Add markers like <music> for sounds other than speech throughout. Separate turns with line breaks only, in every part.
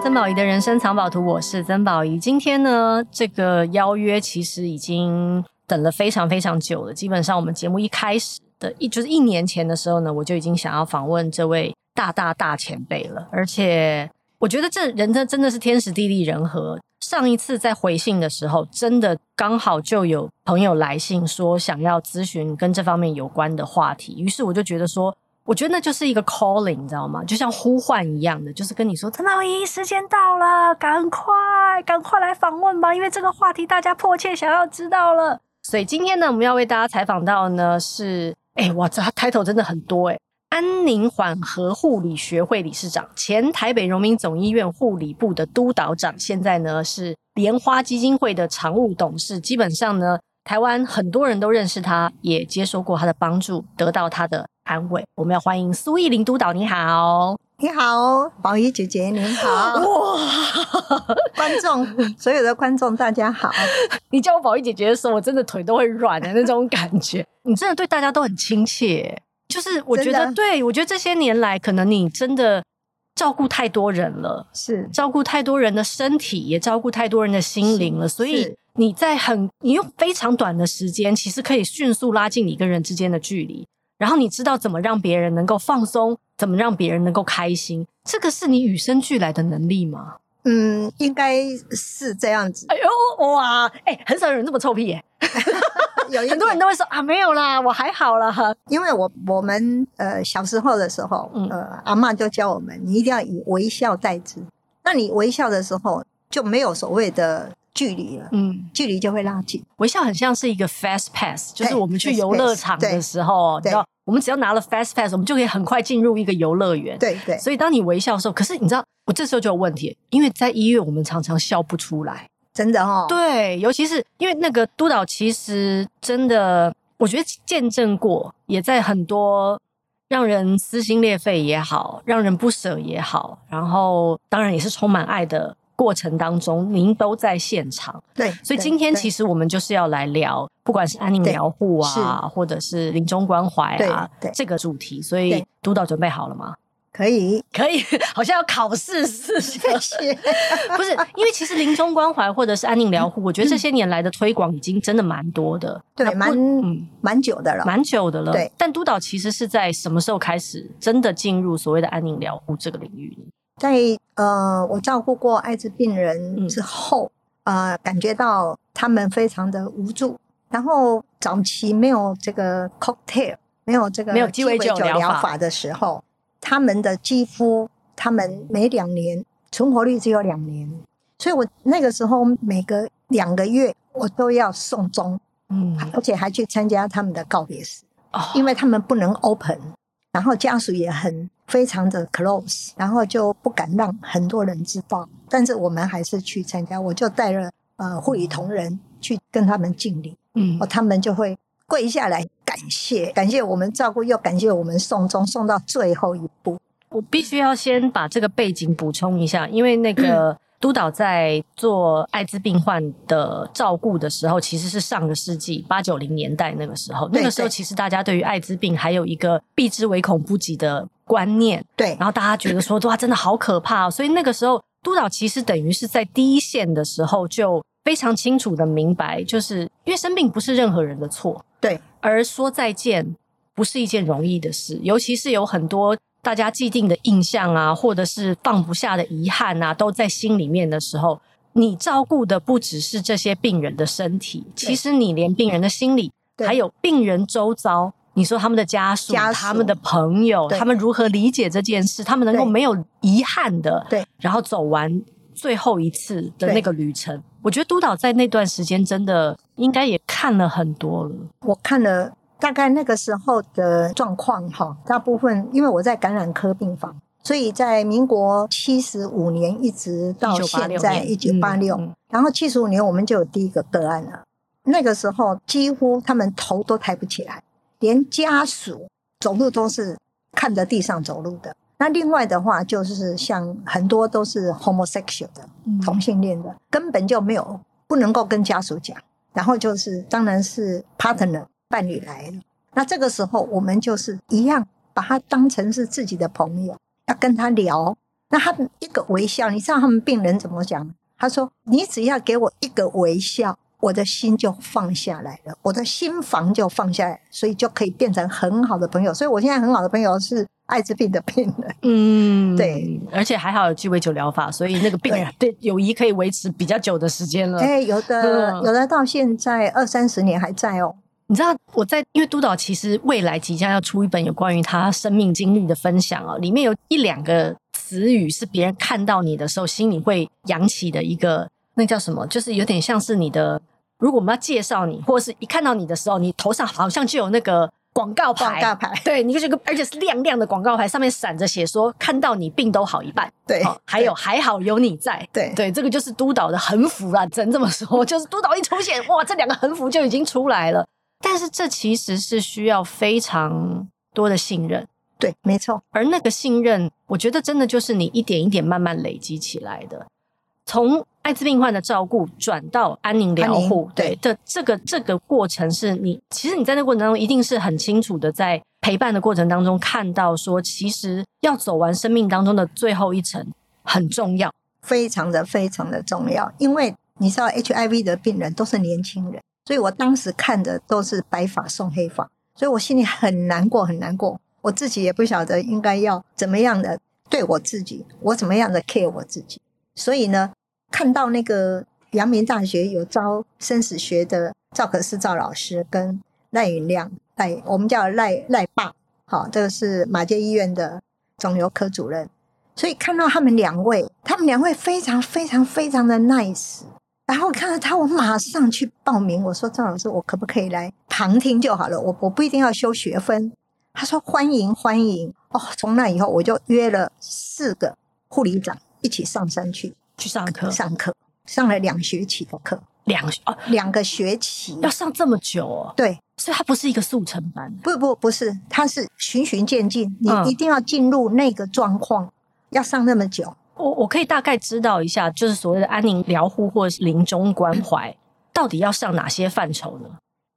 曾寶儀的人生藏寶圖，我是曾寶儀。今天呢，這個邀約其實已經等了非常非常久了。基本上，我們節目一開始的一就是一年前的時候呢，我就已經想要訪問這位大大大前輩了。而且，我覺得這人，這真的是天時地利人和。上一次在回信的時候，真的剛好就有朋友來信說想要諮詢跟這方面有關的話題，於是我就覺得說。我覺得那就是一個 calling，你知道嗎？就像呼喚一樣的，就是跟你說：“陳老姨，時間到了，趕快趕快來訪問吧，因為這個話題大家迫切想要知道了。”所以今天呢，我們要為大家採訪到的呢是，哎，哇，這個 title 真的很多哎！安寧緩和護理學會理事長，前台北榮民總醫院護理部的督導長，現在呢是蓮花基金會的常務董事。基本上呢，台灣很多人都認識他，也接受過他的幫助，得到他的。安慰，我們要歡迎蘇逸玲督導。你好，
你好，寶儀姐姐，你好！哇，觀眾眾， <laughs> 所有的觀眾，大家好！你叫我寶儀姐姐的時候，我真的腿都會軟的那種感覺。 <laughs>
你真的對大家都很親切，就是我覺得，的對我覺得這些年來，可能你真的照顧太多人了，是照顧太多人的身體，也照顧太多人的心靈了。所以你在很你用非常短的時間，其實可以迅速拉近你跟人之間的距離。然後你知道怎麼讓別人能夠放鬆，怎麼讓別人能夠開心，這個是你與生俱來的能力嗎？
嗯，應該是這樣子。哎呦哇，哎、欸，很少有人這麼臭屁耶。 <laughs> 有點 <laughs> 很多人都會說啊，沒有啦，我還好了哈。因為我我們呃小時候的時候，呃阿嬤就教我們，你一定要以微笑待之。那你微笑的時候，就沒有所謂的。距離了，嗯，距離就會拉近。
微笑很像是一個 fast pass，就是我們去遊樂場的時候，對你知道，對我們只要拿了 fast pass，我們就可以很快進入一個遊樂園。對對，所以當你微笑的時候，可是你知道，我這時候就有問題，因為在醫院，我們常常笑不出來，真的哈、哦。對，尤其是因為那個督導，其實真的，我覺得見證過，也在很多讓人撕心裂肺也好，讓人不捨也好，然後當然也是充滿愛的。過程當中，您都在現場，對，所以今天其實我們就是要來聊，不管是安寧療護啊，或者是臨終關懷啊，這個主題。所以督導準備好了嗎？
可以，
可以，好像要考試似的。不是，因為其實臨終關懷或者是安寧療護，我覺得這些年來的推廣已經真的蠻多的，
對，蠻蠻久的了，蠻
久的了。對，但督導其實是在什麼時候開始真的進入所謂的安寧療護
這個領域呢？在。呃，我照顧過艾滋病人之後，嗯、呃，感覺到他們非常的無助。然後早期沒有這個 cocktail，沒有這個沒有雞尾酒療法的時候，他們的肌膚，他們每兩年存活率只有兩年。所以我那個時候每隔兩個月我都要送終，嗯，而且還去參加他們的告別式，哦、因為他們不能 open。然後家屬也很非常的 close，然後就不敢讓很多人知道，但是我們還是去參加，我就帶了呃護理同仁去跟他們敬禮，嗯，哦，他們就會跪下來感謝，感謝我們照顧，又感謝我們送終送到最後一步。
我必須要先把這個背景補充一下，因為那個、嗯。督導在做艾滋病患的照顧的時候，其實是上個世紀八九零年代那個時候。對對。那個時候，其實大家對於艾滋病還有一個避之唯恐不及的觀念。對，然後大家覺得說，哇，真的好可怕哦。所以那個時候，督導其實等於是在第一線的時候，就非常清楚的明白，就是因為生病不是任何人的錯。對，而說再見不是一件容易的事，尤其是有很多。大家既定的印象啊，或者是放不下的遺憾啊，都在心裡面的時候，你照顧的不只是這些病人的身體，對其實你連病人的心理，對還有病人周遭，你說他們的家屬、家屬他們的朋友，對他們如何理解這件事，對他們能夠沒有遺憾的，對，然後走完最後一次的那個旅程。對我覺得督導在那段時間真的應該也看了很多了，
我看了。大概那個時候的狀況哈，大部分因為我在感染科病房，所以在民國七十五年一直到現在一九八六，嗯嗯、然後七十五年我們就有第一個個案了。那個時候幾乎他們頭都抬不起來，連家屬走路都是看着地上走路的。那另外的話就是像很多都是 homosexual 的同性戀的，根本就沒有，不能夠跟家屬講，然後就是當然是 partner。伴侶來了，那這個時候我們就是一樣，把他當成是自己的朋友，要跟他聊。那他一個微笑，你知道他們病人怎麼講？他說：“你只要給我一個微笑，我的心就放下來了，我的心房就放下來，所以就可以變成很好的朋友。”所以，我現在很好的朋友是艾滋病的病人。嗯，對，
而且還好有雞尾酒療法，所以那個病人對友誼可以維持比較久的時間了。有的、欸、有的，嗯、有的
到現在二三十年還在哦。你知道我在，因為督導
其實未來即將要出一本有關於他生命經歷的分享哦，裡面有一兩個詞語是別人看到你的時候心裡會揚起的一個，那叫什麼？就是有點像是你的。如果我們要介紹你，或是一看到你的時候，你頭上好像就有那個廣告牌，廣告牌，對，你就是個，而且是亮亮的廣告牌，上面閃着寫說“看到你病都好一半”，對、哦，還有對還好有你在，對，對，這個就是督導的橫幅了。只能這麼說，就是督導一出現，哇，這兩個橫幅就已經出來了。但是這其實是需要非常多的信任，對，沒錯。而那個信任，我覺得真的就是你一點一點慢慢累積起來的。從艾滋病患的照顧轉到安寧療護，對這這個這個過程，是你其實你在那過程當中一定是很清楚的，在陪伴的過程當中看到，說其實要走完生命當中
的最後一程很重要，非常的非常的重要，因為你知道 HIV 的病人都是年輕人。所以我當時看的都是白髮送黑髮，所以我心裡很難過，很難過。我自己也不曉得應該要怎麼樣的對我自己，我怎麼樣的 care 我自己。所以呢，看到那個陽明大學有招生死學的趙可式趙老師跟賴允亮賴，我們叫賴賴爸，好、哦，這個是馬偕醫院的腫瘤科主任。所以看到他們兩位，他們兩位非常非常非常的 nice。然後看到他，我馬上去報名。我說：“趙老師，我可不可以來旁聽就好了？我我不一定要修學分。”他說：“歡迎歡迎哦！”從那以後，我就約了四個護理長一起上山去去上課，上課上了兩學期的課，兩學啊兩個學期要上這麼久哦？對，所以它不是一個速成班，不不不是，它是循序漸進，你一定要進入那個狀況，嗯、要上那麼久。
我我可以大概知道一下，就是所謂的安寧療護或是臨終關懷，到底要上哪些範疇呢？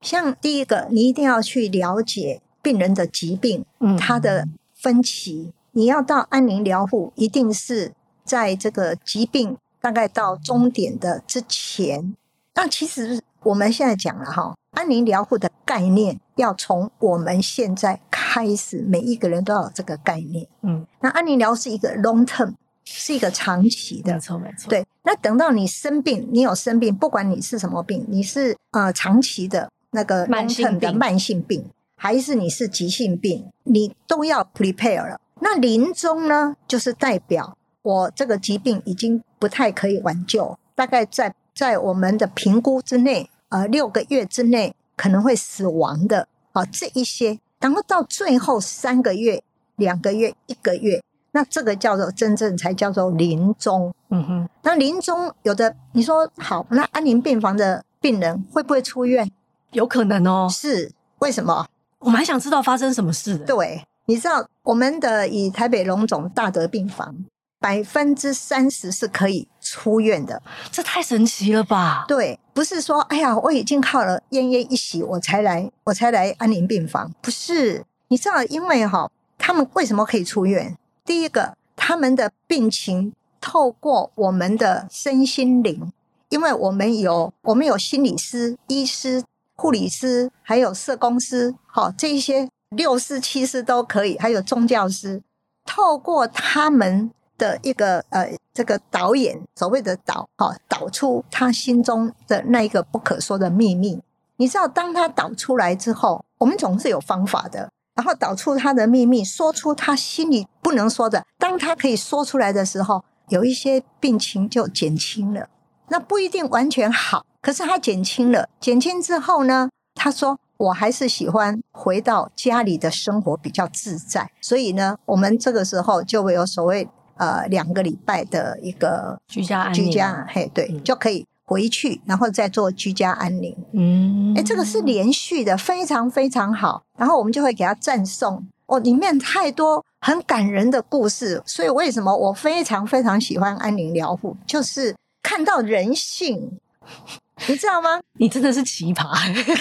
像第一個，你一定要去了解病人的疾病，嗯，他的分期。嗯嗯。你要到安寧療護，一定是在這個疾病大概到終點的之前。那、嗯、其實我們現在講了哈，安寧療護的概念，要從我們現在開始，每一個人都要有這個概念。嗯，那安寧療是一個 long term。是一個長期的沒，沒錯沒錯。對，那等到你生病，你有生病，不管你是什麼病，你是呃長期的那個慢性的慢性病，性病還是你是急性病，你都要 prepare 了。那臨終呢，就是代表我這個疾病已經不太可以挽救，大概在在我們的評估之內，呃六個月之內可能會死亡的啊、哦、這一些，然後到最後三個月、兩個月、一個月。那這個叫做真正才叫做臨終，嗯哼。那臨終有的你說好，那安寧病房的病人會不會出院？有可能哦。是，為什麼？我蠻想知道發生什麼事的。對，你知道我們的以台北榮總大德病房百分之三十是可以出院的，這太神奇了吧？對，不是說哎呀我已經靠了奄奄一息我才來我才來安寧病房，不是。你知道，因為齁他們為什麼可以出院？第一個，他們的病情透過我們的身心靈，因為我們有我們有心理師、醫師、護理師，還有社工師，哈、哦，這一些六師七師都可以，還有宗教師，透過他們的一個呃，這個導演所謂的導，哈、哦，導出他心中的那一個不可說的祕密。你知道，當他導出來之後，我們總是有方法的。然後導出他的秘密，說出他心裡不能說的。當他可以說出來的時候，有一些病情就減輕了。那不一定完全好，可是他減輕了。減輕之後呢，他說我還是喜歡回到家裡的生活比較自在。所以呢，我們這個時候就會有所謂呃兩個禮拜的一個居家居家，案啊，居家，嘿，對，嗯，就可以。回去，然後再做居家安寧。嗯，哎，這個是連續的，非常非常好。然後我們就會給他讚頌。哦，裡面太多很感人的故事，所以為什麼我非常非常喜歡安寧療護？就是看到人性， <laughs> 你知道嗎？你真的是奇葩，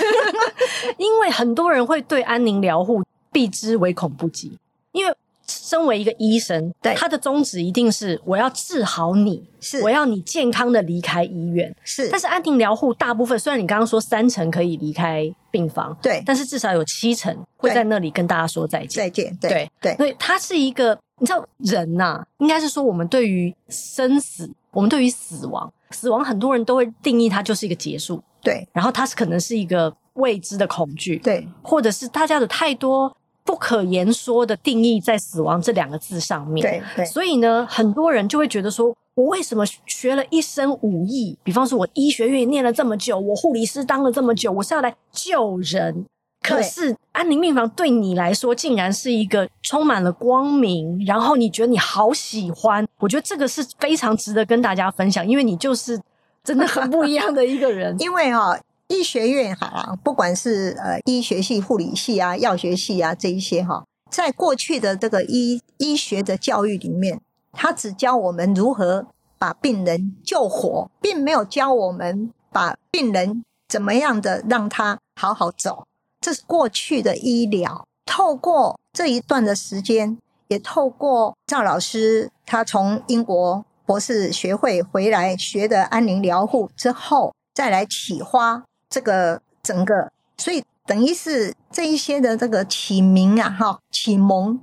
<laughs> <laughs> 因為很多人會對
安寧療護避之唯恐不及，因為。身為一個醫生，對他的宗旨一定是我要治好你，是我要你健康的離開醫院，是。但是安寧療護大部分，雖然你剛剛說三成可以離開病房，對，但是至少有七成會在那裡跟大家說再見，再見對，對對。所以它是一個，你知道人吶、啊，應該是說我們對於生死，我們對於死亡，死亡很多人都會定義它就是一個結束，對。然後它是可能是一個未知的恐懼，對，或者是大家有太多。不可言說的定義在“死亡”這兩個字上面。對，對。所以呢，很多人就會覺得說：“我為什麼學了一身武藝？比方說，我醫學院念了這麼久，我護理師當了這麼久，我是要來救人。可是安寧病房對你來說，竟然是一個充滿了光明，然後你覺得你好喜歡。我覺得這個是非常值得跟大家分享，因為你就是真的很不一樣的
一個人。 <laughs> 因為哈、哦。醫學院哈、啊，不管是呃醫學系、護理系啊、藥學系啊這一些哈、哦，在過去的這個醫醫學的教育裡面，他只教我們如何把病人救活，並沒有教我們把病人怎麼樣的讓他好好走。這是過去的醫療。透過這一段的時間，也透過趙老師他從英國博士學會回來學的安寧療護之後，再來啟發。這個整個，所以等於是這一些的這個啟蒙啊，哈，啟蒙，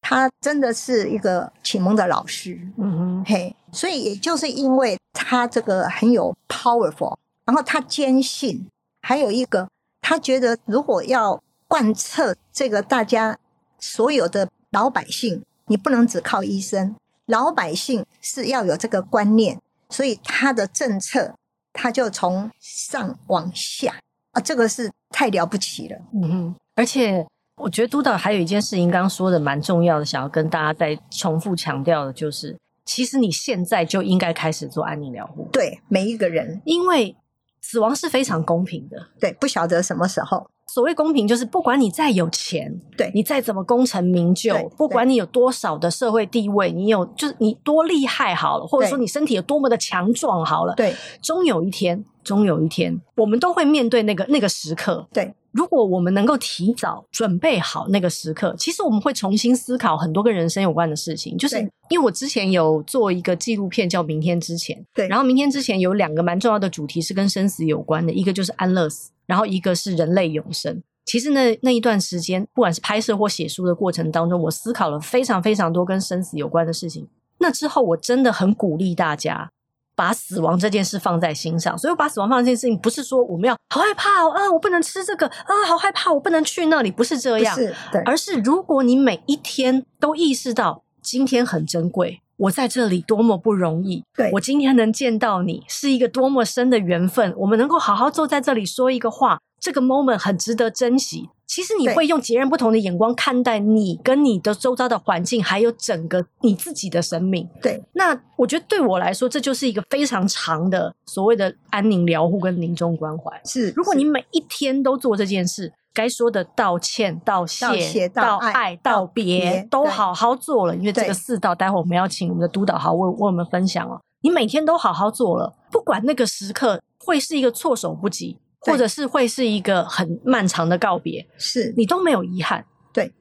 他真的是一個啟蒙的老師，嗯哼，嘿，所以也就是因為他這個很有 powerful，然後他堅信，還有一個他覺得如果要貫徹這個大家所有的老百姓，你不能只靠醫生，老百姓是要有這個觀念，所以他的政策。他就從上往下啊，這個是太了不起了。嗯哼。而且
我覺得督導還有一件事情，剛剛說的蠻重要的，想要跟大家再重複強調的，就是其實你現在就應該開始做安寧療護。
對，每一個人，
因為死亡是非常公平的。對，不曉得什麼時候。所謂公平，就是不管你再有錢，對你再怎麼功成名就，對不管你有多少的社會地位，對你有就是你多厲害好了，對或者說你身體有多麼的強壯好了，對，終有一天，終有一天，我們都會面對那個那個時刻，對。如果我們能夠提早準備好那個時刻，其實我們會重新思考很多跟人生有關的事情。就是因為我之前有做一個紀錄片叫《明天之前》，對，然後《明天之前》有兩個蠻重要的主題是跟生死有關的，一個就是安樂死，然後一個是人類永生。其實那那一段時間，不管是拍攝或寫書的過程當中，我思考了非常非常多跟生死有關的事情。那之後我真的很鼓勵大家。把死亡這件事放在心上，所以我把死亡放在這件事情，不是說我們要好害怕、哦、啊，我不能吃這個啊，好害怕我不能去那裡，不是這樣，是，而是如果你每一天都意識到今天很珍貴，我在這裡多麼不容易，對我今天能見到你是一個多麼深的緣分，我們能夠好好坐在這裡說一個話，這個 moment 很值得珍惜。其實你會用截然不同的眼光看待你跟你的周遭的環境，還有整個你自己的生命。對，那我覺得對我來說，這就是一個非常長的所謂的安寧療護跟臨終關懷。是，如果你每一天都做這件事，該說的道歉、道謝、道、歉道愛、道別都好好做了，對因為這個四道，待會我們要請我們的督導長為我們分享哦。對你每天都好好做了，不管那個時刻會是一個措手不及。或者是會是一個很漫長的告別，對是你都沒有
遺憾。對，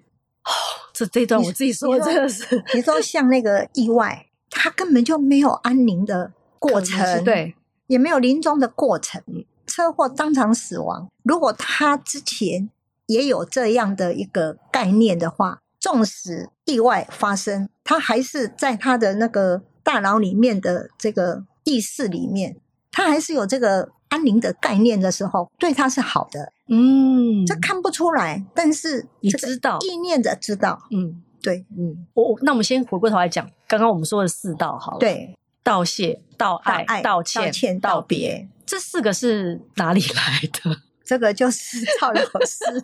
哦，這這段我自己說的真的是你，你說像那個意外，他根本就沒有安寧的過程，是對，也沒有臨終的過程，車禍當場死亡。如果他之前也有這樣的一個概念的話，縱使意外發生，他還是在他的那個大腦裡面的這個意識裡面，他還是有這個。安寧的概念，的時候，對他是好的，嗯，這看不出來，但是你知道意念的知道，知道嗯，對，嗯，我、哦、那我們先回過頭來講剛剛我們
說的四道好了，對，道謝、道愛、道歉、道別，這四個
是哪裡來的？這個就是趙老師，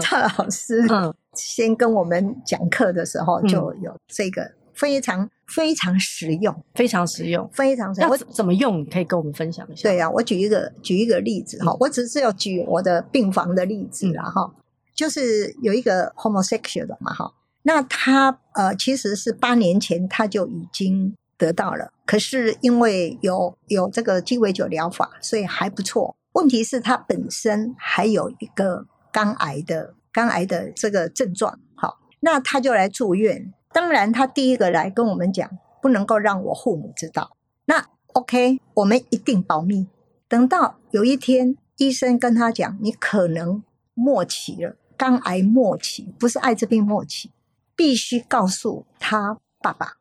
趙 <laughs> <laughs> 老師、嗯、先跟我們講課的時候就有這個非常非常實用，非常實用，非常實用。我 那怎麼用？你可以跟我們分享一下。對啊，我舉一個舉一個例子哈，嗯、我只是要舉我的病房的例子了哈。就是有一個 homosexual 的嘛哈，那他呃其實是八年前他就已經得到了，可是因為有有這個雞尾酒療法，所以還不錯。問題是，他本身還有一個肝癌的肝癌的這個症狀，哈，那他就來住院。當然，他第一個來跟我們講，不能夠讓我父母知道。那 OK，我們一定保密。等到有一天醫生跟他講，你可能末期了，肝癌末期，不是艾滋病末期，必須告訴他爸爸。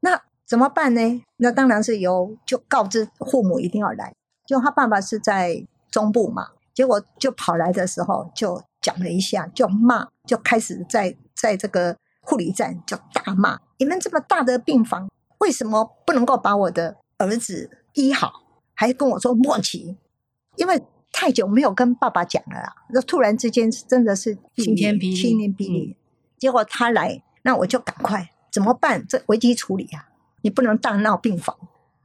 那怎麼辦呢？那當然是由就告知父母一定要來。就他爸爸是在中部嘛，結果就跑來的時候就講了一下，就罵，就開始在在這個。護理站就大罵：“你們這麼大的病房，為什麼不能夠把我的兒子醫好？還跟我說莫急，因為太久沒有跟爸爸講了啦。那突然之間，真的是晴天霹靂，晴天霹靂。嗯、結果他來，那我就趕快怎麼辦？這危機處理啊，你不能大鬧病房。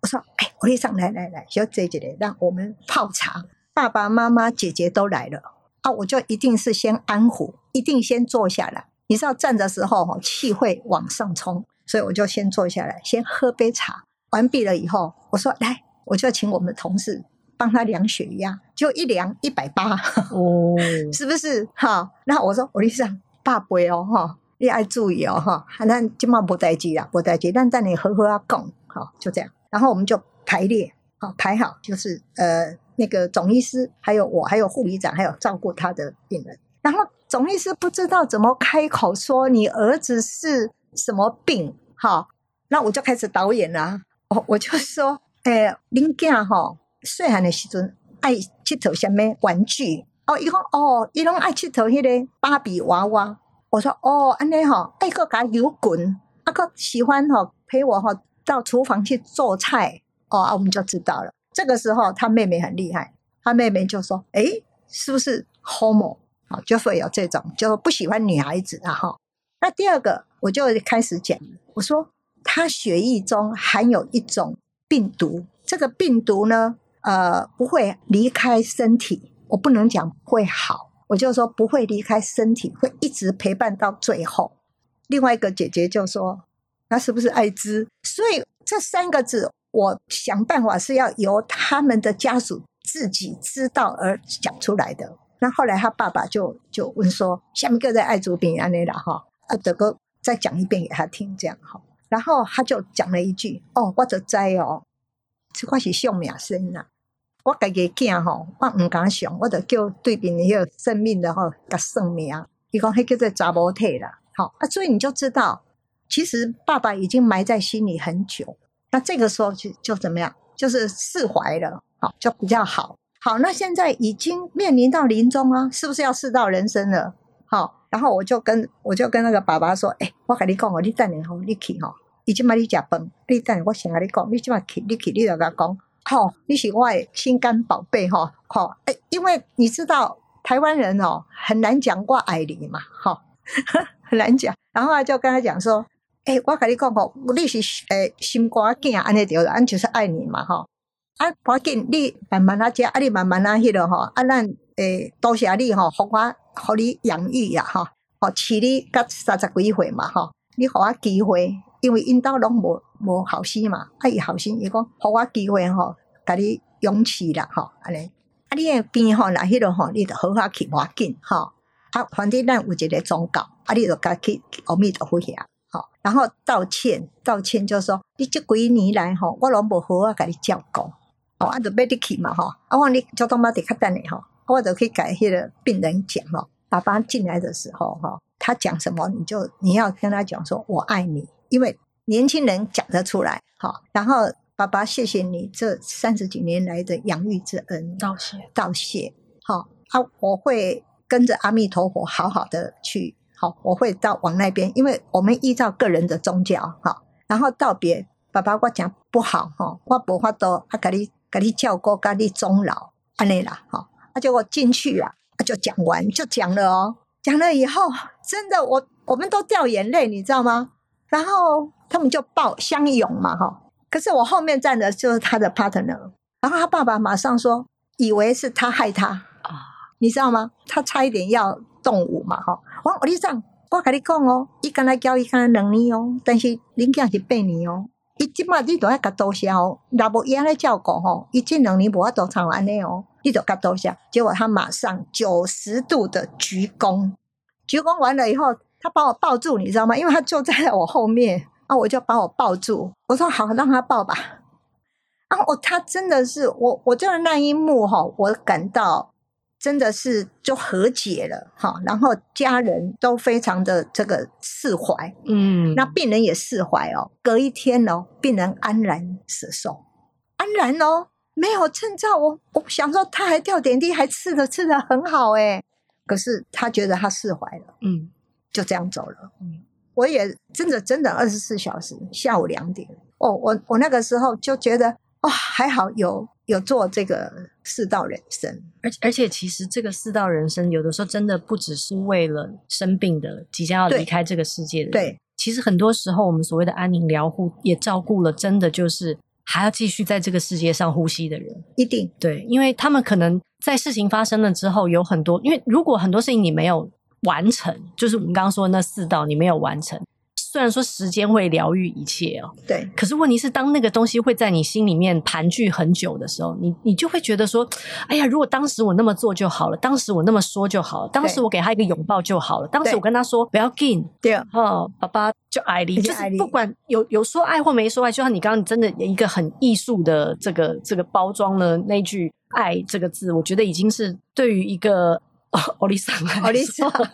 我說，哎，我理上來來來，稍坐一下，讓我們泡茶。爸爸媽媽、姐姐都來了啊，我就一定是先安撫，一定先坐下來。”你知道站的時候氣會往上衝，所以我就先坐下來，先喝杯茶。完畢了以後，我說來，我就請我們的同事幫他量血壓，就一量一百八哦， <laughs> 是不是哈？然後我說我醫生大杯哦哈、哦，你愛注意哦哈，那就嘛不在意了，不在意，但但你呵呵要拱哈，就這樣。然後我們就排列好、哦、排好，就是呃那個總醫師，還有我，還有護理長，還有照顧他的病人，然後。總醫師不知道怎麼開口說你兒子是什麼病好，那我就開始導演了。我我就說，哎、欸，林健哈，細漢的時候愛乞討什麼玩具哦，一個哦，伊攏愛乞討迄個芭比娃娃。我說哦，安尼好，哎，個家有滾，阿個喜歡哈陪我哈到廚房去做菜。哦、啊，我們就知道了。這個時候，他妹妹很厲害，他妹妹就說，哎、欸，是不是 homo 哦，就會有這種，就不喜歡女孩子，然後，那第二個我就開始講，我說他血液中含有一種病毒，這個病毒呢，呃，不會離開身體，我不能講會好，我就說不會離開身體，會一直陪伴到最後。另外一個姐姐就說，那是不是艾滋？所以這三個字，我想辦法是要由他們的家屬自己知道而講出來的。那後來他爸爸就就問說：“下面個在愛滋病安尼了哈，啊，德哥再講一遍給他聽這樣哈。”然後他就講了一句：“哦，我就知哦，這塊是相命身啦，我個個驚吼，我唔敢想，我都叫對面的迄生命的吼個生命。他”他講：“他叫做查某體了。哦”好啊，所以你就知道，其實爸爸已經埋在心裡很久。那這個時候就就怎麼樣，就是釋懷了，好，哦，就比較好。好，那現在已經面臨到臨終啊，是不是要四道人生了？好、哦，然後我就跟我就跟那個爸爸說，哎、欸，我跟你講，我你等下吼，你去吼，你今把你吃飯，你等下我先跟你講，你今晚去，你去，你就跟他講，吼、哦，你是我的心肝寶貝吼，吼、哦，哎、欸，因為你知道台灣人哦很難講我愛你嘛，哈、哦， <laughs> 很難講，然後就跟他講說，哎、欸，我跟你講講，你是誒，心肝鏡，安的對了，俺就是愛你嘛，吼。啊，趕緊你慢慢啊食，啊你慢慢啊迄落吼。啊，咱、啊、誒、欸、多謝你吼、喔，互我，互你養育啊吼，互飼你到三十幾歲嘛吼。你互我機會，因為因兜攏無無後生嘛。啊，伊後生伊講互我機會吼、喔，甲你養起啦吼。安尼，啊，這樣啊你誒邊吼若迄落吼，你就好好去保緊吼。啊，反正咱有一個宗教，啊你就該去阿彌陀佛遐吼。然後道歉，道歉就是說你即幾年來吼，我攏無好啊甲你照顧。哦，阿杜貝迪去嘛吼，阿旺你交通媽得卡等你哈，或者可以改些的病人講吼。爸爸進來的時候哈，他講什麼你就你要跟他講說“我愛你”，因為年輕人講得出來哈。然後爸爸謝謝你這三十幾年來的養育之恩，道謝道謝。吼，啊，我會跟着阿彌陀佛好好的去，好，我會到往那邊，因為我們依照個人的宗教哈。然後道別爸爸，我，我講不好哈，話不話多，阿格格你教過，格你終老安尼啦，好、喔，那、啊、就我進去了，他、啊、就講完，就講了哦、喔，講了以後，真的，我我們都掉眼淚，你知道嗎？然後他們就抱相擁嘛，哈、喔。可是我後面站的就是他的 partner，然後他爸爸馬上說，以為是他害他啊，你知道嗎？他差一點要動武嘛，哈、喔。我我你這樣，我跟你講哦、喔，一跟他教一，跟他兩年哦，但是恁家是八年哦、喔。你一進嘛，你都要夾刀下哦，那不爺爺照顧哈，一進兩年不要都唱完了哦，你就夾刀下，結果他馬上九十度的鞠躬，鞠躬完了以後，他把我抱住，你知道嗎？因為他坐在我後面，啊，我就把我抱住，我說好，讓他抱吧。啊，我他真的是，我我就是那一幕哈，我感到。真的是就和解了哈，然後家人都非常的這個釋懷，嗯，那病人也釋懷哦，隔一天哦，病人安然捨壽，安然哦，沒有徵兆哦。我想說他還吊點滴，還吃得吃得很好哎，可是他覺得他釋懷了，嗯，就這樣走了，嗯，我也真的真的二十四小時，下午兩點哦，我我那個時候就覺得哇、哦、還好有。有做這個四道人生，
而且而且其實這個四道人生，有的時候真的不只是為了生病的、即將要離開這個世界的人。對，對，其實很多時候我們所謂的安寧療護，也照顧了真的就是還要繼續在這個世界上呼吸的人。
一定對，因
為他們可能在事情發生了之後，有很多因為如果很多事情你沒有完成，就是我們剛剛說的那四道，你沒有完成。雖然說時間會療癒一切哦，對。可是問題是，當那個東西會在你心裡面盤踞很久的時候，你你就會覺得說，哎呀，如果當時我那麼做就好了，當時我那麼說就好了，當時我給他一個擁抱就好了，對當時我跟他說不要緊，哦，爸爸就愛你，愛你就是不管有有說愛或沒說愛，就像你剛剛真的一個很藝術的這個這個包裝的那句“愛”這個字，我覺得已經是對於一個。奧利桑，奧利桑 <laughs>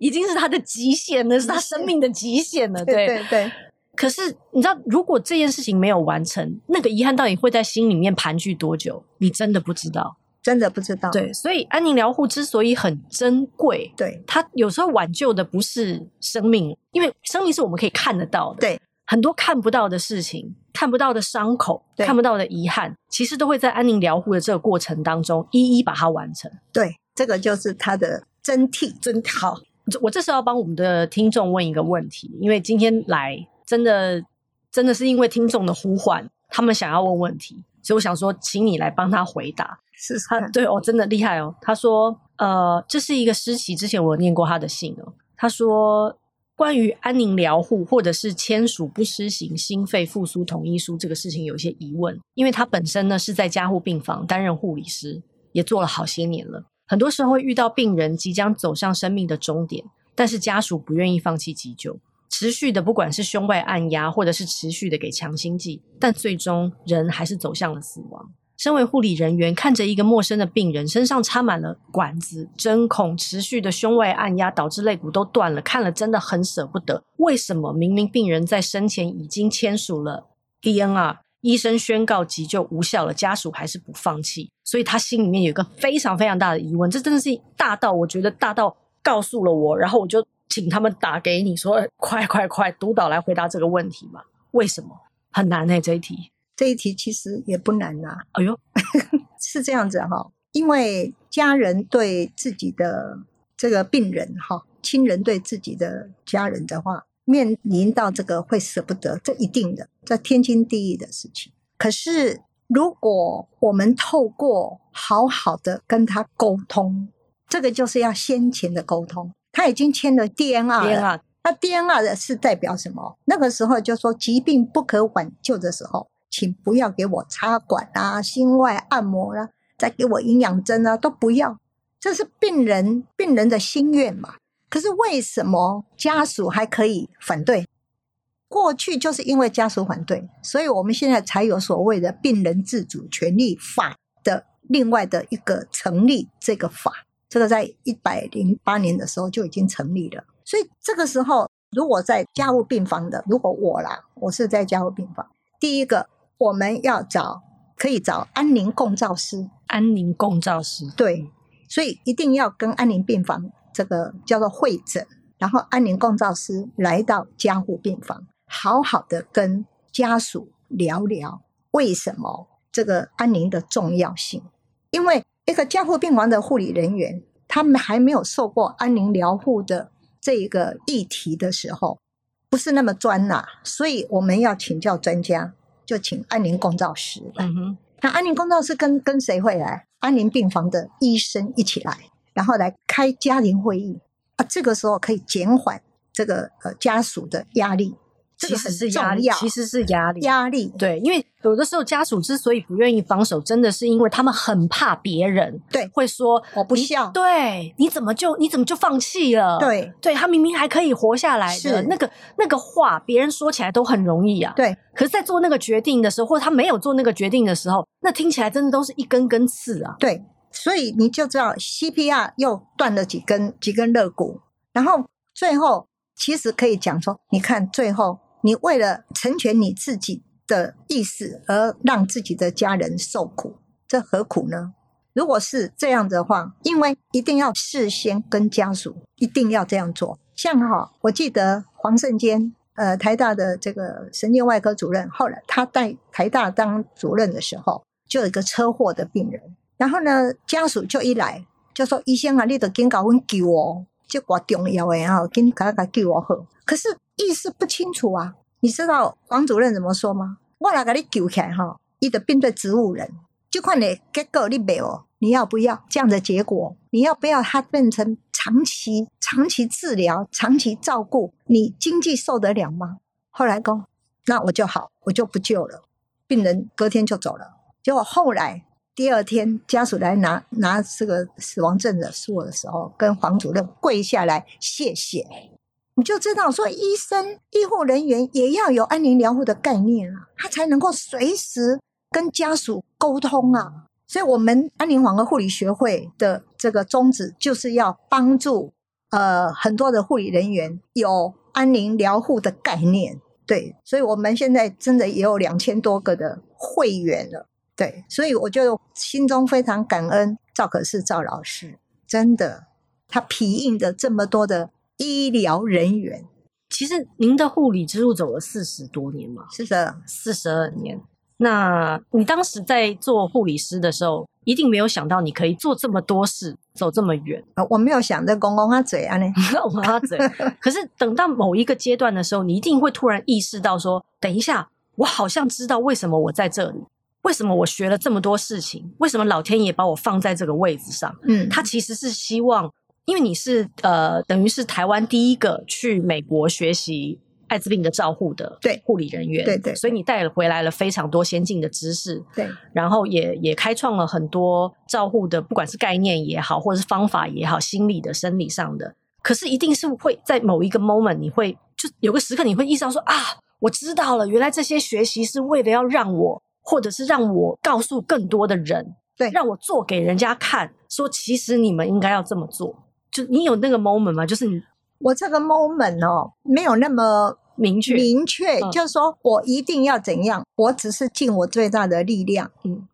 已經是他的極限了，是他生命的極限了。對對對,對。可是你知道，如果這件事情沒有完成，那個遺憾到底會在心裡面盤踞多久？你真的不知道，真的不知道。對，所以安寧療護之所以很珍貴，對，他有時候挽救的不是生命，因為生命是我們可以看得到的。對，很多看不到的事情，看不到的傷口，對 看不到的遺憾，其實都會在安寧療護的這個過程當中一一把它完成。
對。這個就是他的真替真
好。我這時候要幫我們的聽眾問一個問題，因為今天來真的真的是因為聽眾的呼喚，他們想要問問題，所以我想說，請你來幫他回答。是他對哦，真的厲害哦。他說，呃，這是一個詩琪，之前我念過他的信哦。他說，關於安寧療護或者是簽署不施行心肺復甦同意書這個事情，有一些疑問，因為他本身呢是在加護病房擔任護理師，也做了好些年了。很多時候遇到病人即將走向生命的終點，但是家屬不願意放棄急救，持續的不管是胸外按壓或者是持續的給強心劑，但最終人還是走向了死亡。身為護理人員，看着一個陌生的病人身上插滿了管子、針孔，持續的胸外按壓導致肋骨都斷了，看了真的很捨不得。為什麼明明病人在生前已經簽署了 DNR？醫生宣告急救無效了，家屬還是不放棄，所以他心裡面有一個非常非常大的疑問，這真的是大到我覺得大到告訴了我，然後我就請他們打給你說，欸，快快快，督導來回答這個問題嘛。
為什麼很難呢？欸，這一題，這一題其實也不難吶。哎呦， <laughs> 是這樣子哈，哦，因為家人對自己的這個病人哈，親人對自己的家人的話。面臨到這個會捨不得，這一定的，這天經地義的事情。可是如果我們透過好好的跟他溝通，這個就是要先前的溝通。他已經簽了 DNR 了，那 DNR 的是代表什麼？那個時候就說疾病不可挽救的時候，請不要給我插管啊、心外按摩啊，再給我營養針啊，都不要。這是病人病人的心願嘛。可是為什麼家屬還可以反對？過去就是因為家屬反對，所以我們現在才有所謂的《病人自主權利法》的另外的一個成立。這個法，這個在一百零八年的時候就已經成立了。所以這個時候，如果在家務病房的，如果我啦，我是在家務病房，第一個我們要找可以找安寧共照師，安寧共照師對，所以一定要跟安寧病房。這個叫做會診，然後安寧共照師來到加護病房，好好的跟家屬聊聊為什麼這個安寧的重要性。因為一個加護病房的護理人員，他們還沒有受過安寧療護的這一個議題的時候，不是那麼專吶、啊。所以我們要請教專家，就請安寧共照師。嗯哼，那安寧共照師跟跟誰會來？安寧病房的醫生一起來。然後來開家庭會議啊，這個時候可以減緩這個呃家屬的壓力，這其實是壓力，其實
是壓力，壓力對，因為有的時候家屬之所以不願意放手，真的是因為他們很怕別人對會說我不孝對，你怎麼就你怎麼就放棄了？對，對他明明還可以活下來的是那個那個話，別人說起來都很容易啊，對，可是在做那個決定的時候，或者他沒有做那個決定的時候，那聽起來真的都是一根根
刺啊，對。所以你就知道 CPR 又斷了幾根幾根肋骨，然後最後其實可以講說，你看最後你為了成全你自己的意思而讓自己的家人受苦，這何苦呢？如果是這樣的話，因為一定要事先跟家屬一定要這樣做。像哈，我記得黃勝堅，呃，台大的這個神經外科主任，後來他在台大當主任的時候，就有一個車禍的病人。然後呢，家屬就一來就說：“醫生啊，你得趕緊給我救我結果重要的，然後趕緊給他救我好。”可是意識不清楚啊，你知道王主任怎麼說嗎？我來給你救起來哈，你的病對植物人，就看你結果你沒有，你要不要這樣的結果？你要不要他變成長期、長期治療、長期照顧？你經濟受得了嗎？後來講，那我就好，我就不救了。病人隔天就走了。結果後來。第二天，家屬來拿拿這個死亡證的的時候，跟黃主任跪下來謝謝。你就知道，說醫生、醫護人員也要有安寧療護的概念啊，他才能夠隨時跟家屬溝通啊。所以，我們安寧緩和護理學會的這個宗旨，就是要幫助呃很多的護理人員有安寧療護的概念。對，所以我們現在真的也有兩千多個的會員了。對，所以我就心中非常感恩趙可式趙老師，真的，他庇蔭著這麼多的醫療人員。
其實您的護理之路走了四十多年嘛？
是的，四十二年。
那你當時在做護理師的時候，一定沒有想到你可以做這麼多事，走這麼遠。
我沒有想說說這公公他嘴啊，呢？光阿嘴。
可是等到某一個階段的時候，你一定會突然意識到說，等一下，我好像知道為什麼我在這裡。為什麼我學了這麼多事情？為什麼老天爺把我放在這個位置上？嗯，他其實是希望，因為你是呃，等於是台灣第一個去美國學習艾滋病的照護的護理人員，對對，對對，所以你帶回來了非常多先進的知識，對，然後也也開創了很多照護的，不管是概念也好，或者是方法也好，心理的、生理上的。可是一定是會在某一個 moment，你會就有個時刻，你會意識到說啊，我知道了，原來這些學習是為了要讓我。或者是讓我告訴更多的人，對，讓我做給人家看，說其實你們應該要這麼做。就你有那個 moment 嗎？就是
你，我這個 moment 哦，沒有那麼明確，明確就是說我一定要怎樣，嗯，我只是盡我最大的力量，嗯，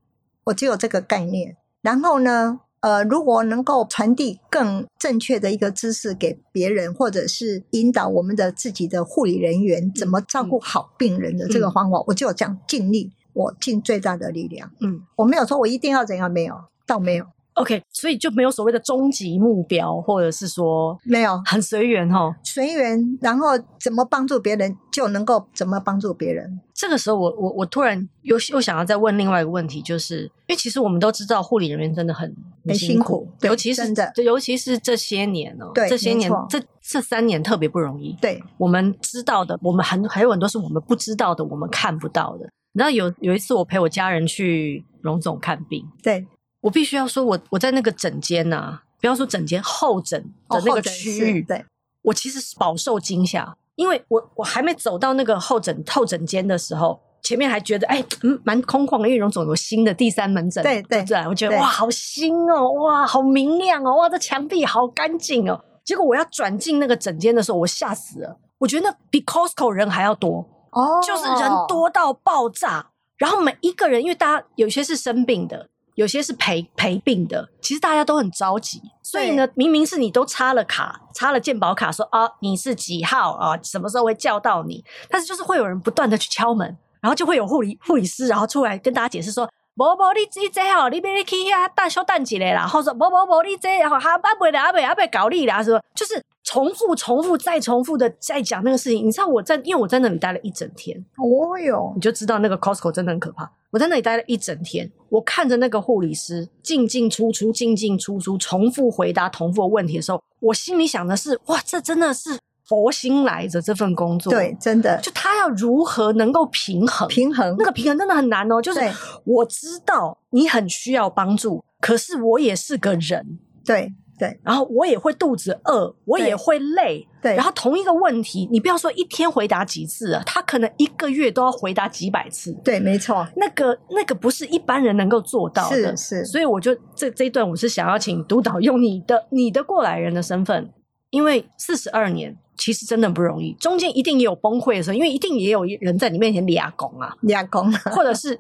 我只有這個概念。然後呢，呃，如果能夠傳遞更正確的一個知識給別人，或者是引導我們的自己的護理人員怎麼照顧好病人的這個方法，嗯嗯，我就有這樣盡力。我盡最大的力量，嗯，我沒有說我一定要怎樣，沒有，倒沒有。
OK，所以就沒有所謂的終極目標，或者是說
沒有，很隨緣哦，隨緣。然後怎麼幫助別人就能夠怎麼幫助別人。這個
時候我，我我我突然又又想要再問另外一個問題，就是，
因為其實我們都知道
護理人員真的很，很辛苦，辛苦，尤其是真的，尤其是這些年喔，對，這些年，沒錯。這這三年特別不容易。對，我們知道的，我們很還有很多是我們不知道的，我們看不到的。然後有有一次，我陪我家人去榮總看病。對我必須要說，我我在那個診間吶，不要說診間候診的那個區域，區對，我其實是飽受驚嚇。因為我我還沒走到那個候診候診間的時候，前面還覺得哎、欸，嗯，蠻空曠的，因為榮總有新的第三門診，對對，我覺得對哇，好新哦、喔，哇，好明亮哦、喔，哇，這牆壁好乾淨哦。結果我要轉進那個診間的時候，我嚇死了，我覺得那比 Costco 人還要多。哦，oh. 就是人多到爆炸，然後每一個人，因為大家有些是生病的，有些是陪陪病的，其實大家都很着急。對所以呢，明明是你都插了卡，插了健保卡說，說、哦、啊你是幾號啊、哦，什麼時候會叫到你？但是就是會有人不斷的去敲門，然後就會有護理護理師然後出來跟大家解釋說。無無，你這這吼、哦，你別你去遐，等稍等一下啦。後說無無無，你這吼還還未了，還未還未搞你啦。說就是重複重複再重複的在講那個事情。你知道我在，因為我在那裡待了一整天。哦喲有，你就知道那個 Costco 真的很可怕。我在那裡待了一整天，我看着那個護理師進進出出，進進出出，重複回答重複的問題的時候，我心裡想的是，哇，這真的是。佛心來着這份工作，對，真的。就他要如何能夠平衡平衡，那個平衡真的很難哦。就是對我知道你很需要幫助，可是我也是個人，對對，對然後我也會肚子餓，我也會累，對。對然後同一個問題，你不要說一天回答幾次啊，他可能一個月都要回答幾百次，對，沒錯，那個那個不是一般人能夠做到的，是，是。所以我就這這一段，我是想要請督導用你的你的過來人的身份，因為四十二年。其實真的不容易，中間一定也有崩潰的時候，因為一定也有人在你面前抓狂啊，抓狂，或者是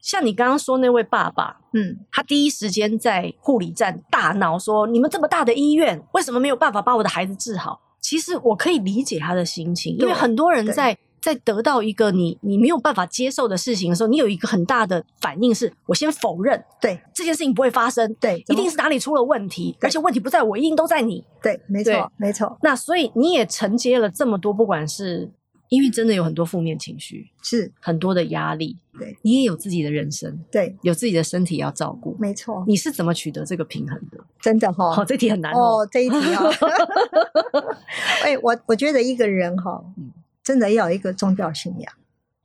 像你剛剛說那位爸爸， <laughs> 嗯，他第一時間在護理站大鬧，說你們這麼大的醫院，為什麼沒有辦法把我的孩子治好？其實我可以理解他的心情，對因為很多人在。在得到一個你你沒有辦法接受的事情的時候，你有一個很大的反應，是我先否認，對這件事情不會發生，對，一定是哪裡出了問題，而且問題不在我，一定都在你，對，沒錯，沒錯。那所以你也承接了這麼多，不管是因為真的有很多負面情緒，是很多的壓力，對你也有自己的人生，對，有自己的身體要照顧，沒錯。你是怎麼取得這個平衡的？
真的齁，好，這題很難哦，這一題。哎，我我覺得一個人齁。真的要有一個宗教信仰。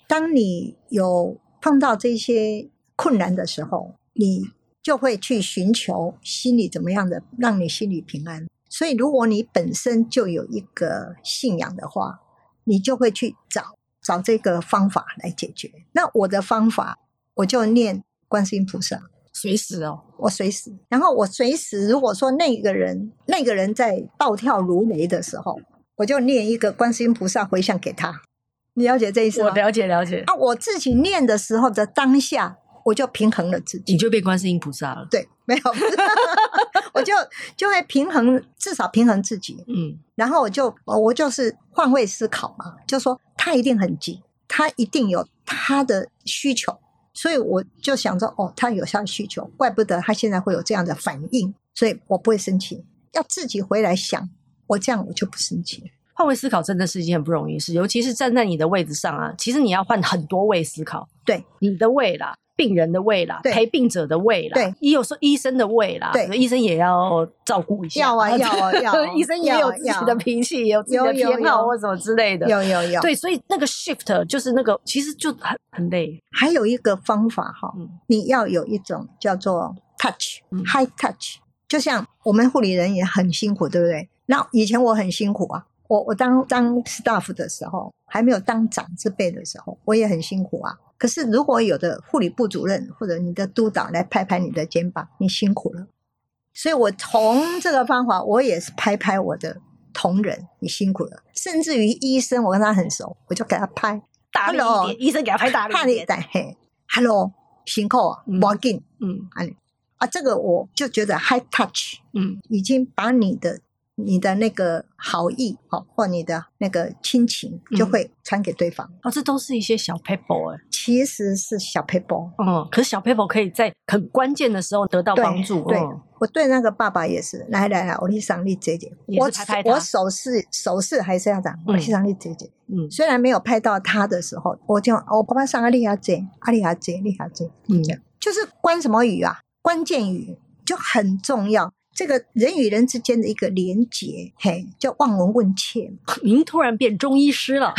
當你有碰到這些困難的時候，你就會去尋求心裡怎麼樣的讓你心裡平安。所以，如果你本身就有一個信仰的話，你就會去找找這個方法來解決。那我的方法，我就念觀世音菩薩，隨時哦，我隨時。然後我隨時，如果說那個人那個人在暴跳如雷的時候，我就念一個觀世音菩薩回向給他，你了解這意思嗎？我了解，了解。啊，我自己念的時候的當下，我就平衡了自己。你就被觀世音菩薩了？對，沒有， <laughs> <laughs> 我就就會平衡，至少平衡自己。嗯，然後我就我就是換位思考嘛，就說他一定很急，他一定有他的需求，所以我就想說，哦，他有他的需求，怪不得他現在會有這樣的反應，所以我不會生氣，要自己回來想。我這樣我就不生氣。
換位思考真的是一件很不容易的事，尤其是站在你的位置上啊。其實你要換很多位思考，對，你的位啦，病人的位啦，陪病者的位啦，對，也有說醫生的位啦，對，醫生也要照顧一下。要啊要啊要，醫生也有自己的脾
氣，有自己的偏好或
什麼之類的，有有有。對，
所以那個 shift 就是那個，其實就很很累。還有一個方法哈，你要有一種叫做 touch high touch，就像我們護理人也很辛苦，對不對？那以前我很辛苦啊，我我當當 staff 的時候，還沒有當長字輩的時候，我也很辛苦啊。可是如果有的護理部主任或者你的督導來拍拍你的肩膀，你辛苦了。所以我從這個方法，我也是拍拍我的同仁，你辛苦了。甚至於醫生，我跟他很熟，我就給他拍大力一點 Hello，醫生給他拍大力一點哈嘍，hey, Hello, 辛苦啊，我勁、嗯，嗯，啊，這個我就覺得 high touch，嗯，已經把你的。你的那個好意，或你的那個親情，就會傳給對方，嗯。哦，這都是一些小撇步，、欸、其實是小撇步，嗯。
可是小撇步可以在很關鍵的時候得到幫助，對。對，哦，
我對那個爸爸也是，來來來，我力上力姐姐，是拍拍我我手勢手勢還是要講，我力上力姐姐。嗯，雖然沒有拍到他的時候，我就我婆婆上阿力阿姐，阿力阿姐，力阿、啊、姐。嗯，就是關什麼語啊？關鍵語就很重要。這個人與人之間的一個連結，嘿，叫望聞問切。您突然變中醫師了啊！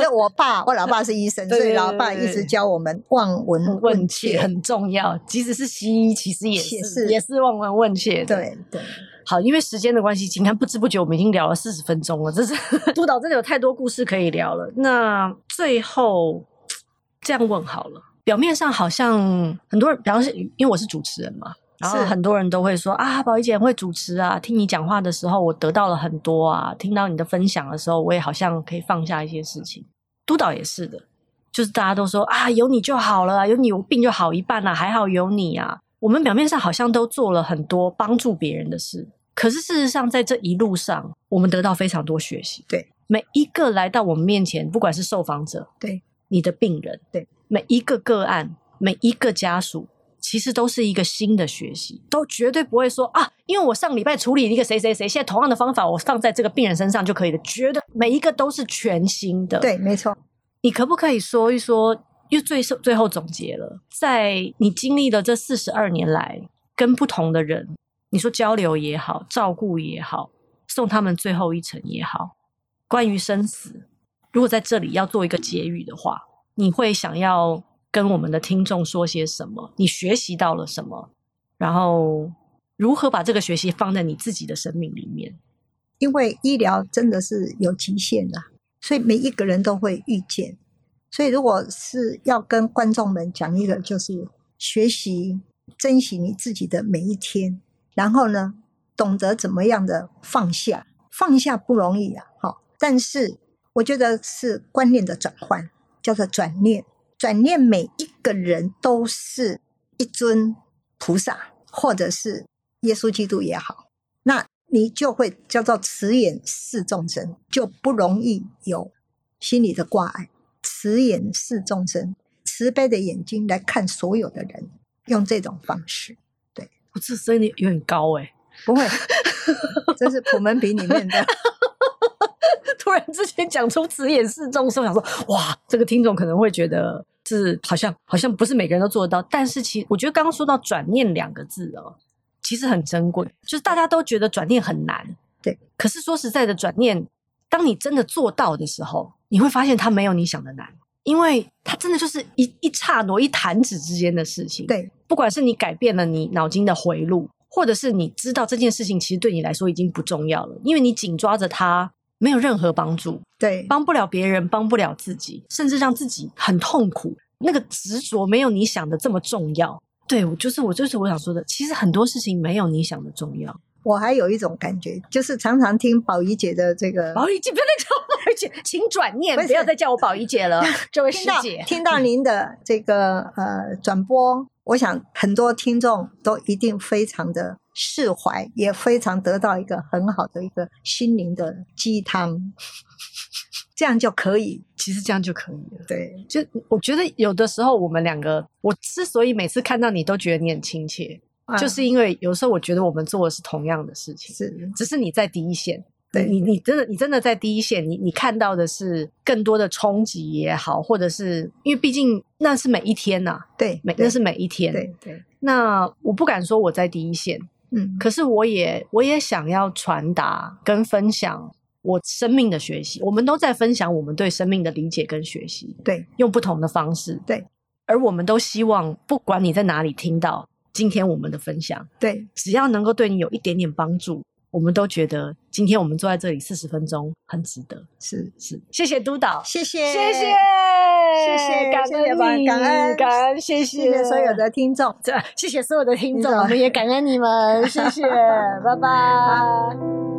在 <laughs> <laughs> 我爸，我老爸是醫生，所以老爸一直教我們望聞問，問切，很重要。即使
是西醫，其實也是，是也是望聞問切。對對。好，因為時間的關係，今天不知不覺我們已經聊了四十分鐘了。這是督 <laughs> 導，真的有太多故事可以聊了。那最後這樣問好了，表面上好像很多人，表示因為我是主持人嘛。然後很多人都會說是啊，寶儀姐會主持啊，聽你講話的時候，我得到了很多啊，聽到你的分享的時候，我也好像可以放下一些事情。督導也是的，就是大家都說啊，有你就好了、啊，有你我病就好一半了、啊，還好有你啊。我們表面上好像都做了很多幫助別人的事，可是事實上在這一路上，我們得到非常多學習。對，每一個來到我們面前，不管是受訪者，對你的病人，對每一個個案，每一個家屬。其實都是一個新的學習，都絕對不會說啊，因為我上禮拜處理一個誰誰誰，現在同樣的方法我放在這個病人身上就可以了，絕對每一個都是全新的。對，沒錯。你可不可以說一說，又最最後總結了，在你經歷的這四十二年來跟不同的人，你說交流也好，照顧也好，送他們最後一程也好，關於生死，如果在這裡要做一個結語的話，你會想要？跟我們的聽眾說些什麼？你學習到了什麼？然後如何把這個學習放在你自己的生命裡面？
因為醫療真的是有極限的，所以每一個人都會遇見。所以，如果是要跟觀眾們講一個，就是學習珍惜你自己的每一天，然後呢，懂得怎麼樣的放下，放下不容易啊。好，但是我覺得是觀念的轉換，叫做轉念。轉念，每一個人都是一尊菩薩，或者是耶穌基督也好，那你就會叫做慈眼視眾生，就不容易有心裡的掛礙。慈眼視眾生，慈悲的眼睛來看所有的人，用這種方式。
對，我這聲音有點高哎、
欸，不會， <laughs> <laughs> 這是普門
品裡面的。 <laughs> 突然之間講出慈眼視眾生，我想說，哇，這個聽眾可能會覺得。是好像好像不是每個人都做得到，但是其實我覺得剛剛說到轉念兩個字哦、喔，其實很珍貴。就是大家都覺得轉念很難，對。可是說實在的，轉念當你真的做到的時候，你會發現它沒有你想的難，因為它真的就是一一剎那一彈指之間的事情。對，不管是你改變了你腦筋的回路，或者是你知道這件事情其實對你來說已經不重要了，因為你緊抓着它，沒有任何幫助，對，幫不了別人，幫不了自己，甚至讓自己很痛苦。那個執着沒有你想的這麼重要，對，我就是我就是我想說的，其實很多事情沒有你想的重要。
我還有一種感覺，就是常常聽寶儀姐的這個寶儀
姐不要再叫，我寶儀姐請轉
念不，是不要再叫我寶儀姐了。 <laughs> 這位師姐聽到，聽到您的這個呃轉播，嗯、我想很多聽眾都一定非常的。釋懷也非常得到一個很好的一個心靈的雞湯，這樣就可以，其實這樣就可以了。對，
就我覺得有的時候我們兩個，我之所以每次看到你都覺得你很親切，啊，就是因為有時候我覺得我們做的是同樣的事情，是，只是你在第一線，對，你你真的你真的在第一線，你你看到的是更多的衝擊也好，或者是因為畢竟那是每一天吶、啊，對，每那是每一天，對對。對對，那我不敢說我在第一線。嗯，可是我也我也想要傳達跟分享我生命的學習，我們都在分享我們對生命的理解跟學習，對，用不同的方式，對，而我們都希望，不管你在哪裡聽到今天我們的分享，對，只要能夠對你有一點點幫助。我們都覺得，今天我們坐在這裡四十分鐘很值得。是是，
謝謝督導恩，謝謝，謝謝，謝謝，感謝你，感恩，感恩，謝謝所有的聽眾，謝謝
所有的聽眾眾，我們也感恩你們，眾謝謝， <laughs>
拜拜。